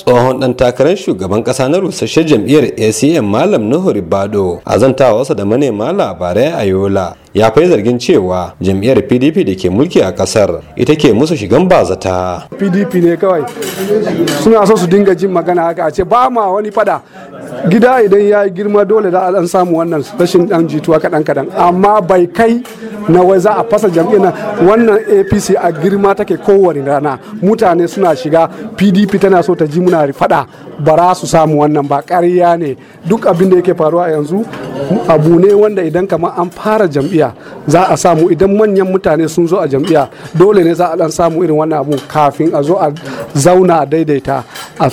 tsohon dan takarar shugaban kasa na rusashe jam'iyyar acm malam Nuhur Bado, a zantawarsa da manema labarai a yola ya fai zargin cewa jam'iyyar pdp da ke mulki a kasar ita ke musu shigan bazata pdp ne kawai suna so su dinga jin magana haka a ce ba ma wani fada gida idan ya yi girma dole za an samu wannan rashin dan jituwa kadan kadan amma bai kai na wai za a fasa jam'iyyar wannan apc a girma take kowane rana mutane suna shiga pdp tana so ta ji muna fada bara su samu wannan ba ƙarya ne duk abin da yake faruwa yanzu abu ne wanda idan kamar an fara jam'iya za a samu idan manyan mutane sun zo a jam'iya dole ne za a dan samu irin wannan abu kafin a zo a zauna daidaita a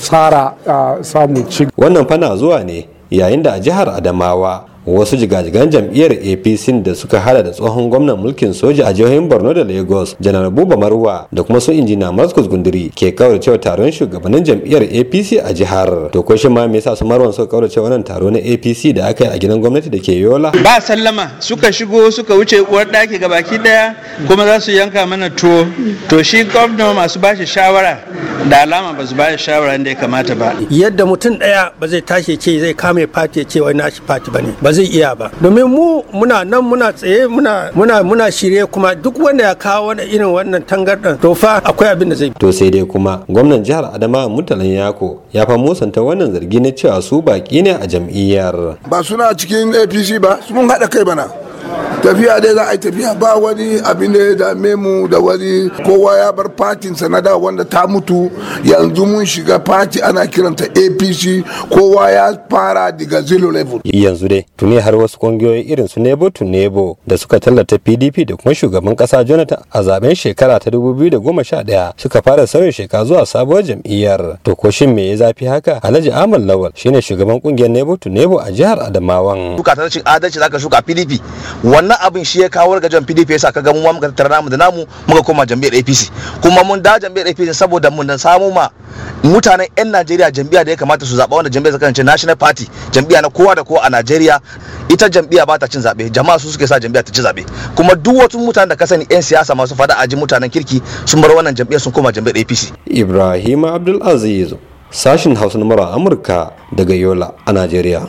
samun ci wannan fana zuwa ne yayin da a jihar adamawa wasu jigajigan jam'iyyar apc da suka hada da tsohon gwamnan mulkin soja a jihohin borno da lagos janar buba marwa da kuma su injina maskus gunduri ke cewa taron shugabannin jam'iyyar apc a jihar to ko shi ma me yasa su marwan suka cewa wannan taro na apc da aka yi a gidan gwamnati da ke yola ba sallama suka shigo suka wuce uwar daki baki daya kuma za su yanka mana tuwo to shi gwamna masu bashi shawara da alama ba su bashi shawara inda ya kamata ba yadda mutum daya ba zai tashi ce zai kame fati ce wai nashi fati bane ba zai iya ba domin mu muna nan muna tsaye muna muna shirye kuma duk wanda ya kawo wani irin wannan tangardan to fa akwai abin da zai to sai dai kuma gwamnan jihar Adamawa Murtalan Yako ya fa musanta wannan zargi na cewa su baki ne a jam'iyyar ba suna cikin APC ba sun haɗa kai bana tafiya dai za a yi tafiya ba wani abin da ya dame mu da wani kowa ya bar fatin da wanda ta mutu yanzu mun shiga fati ana kiranta apc kowa ya fara daga zero level yanzu dai tuni har wasu kungiyoyi irin su nebo to nebo da suka tallata pdp da kuma shugaban kasa jonathan a zaben shekara ta goma 2011 suka fara sauyin shekara zuwa sabuwar jam'iyyar to ko shin me ya zafi haka alhaji amal lawal shine shugaban kungiyar nebo to nebo a jihar adamawan shuka ta rashin adalci zaka shuka pdp wannan abin shi ya kawo ga jam PDP yasa ga mu muka tattara namu da namu muka koma jam'iyyar APC kuma mun da jam'iyyar APC saboda mun dan samu ma mutanen 'yan Najeriya jam'iyya da ya kamata su zaɓa wanda jam'iyyar zakarance National Party jam'iyya na kowa da kowa a Najeriya ita jam'iyya ba ta cin zaɓe jama'a su suke sa jam'iyya ta ci zaɓe kuma duk wasu mutanen da ka sani 'yan siyasa masu fada ji mutanen kirki sun bar wannan jam'iyyar sun koma jam'iyyar APC Ibrahim Abdul Aziz sashin Hausa na Amurka daga Yola a Najeriya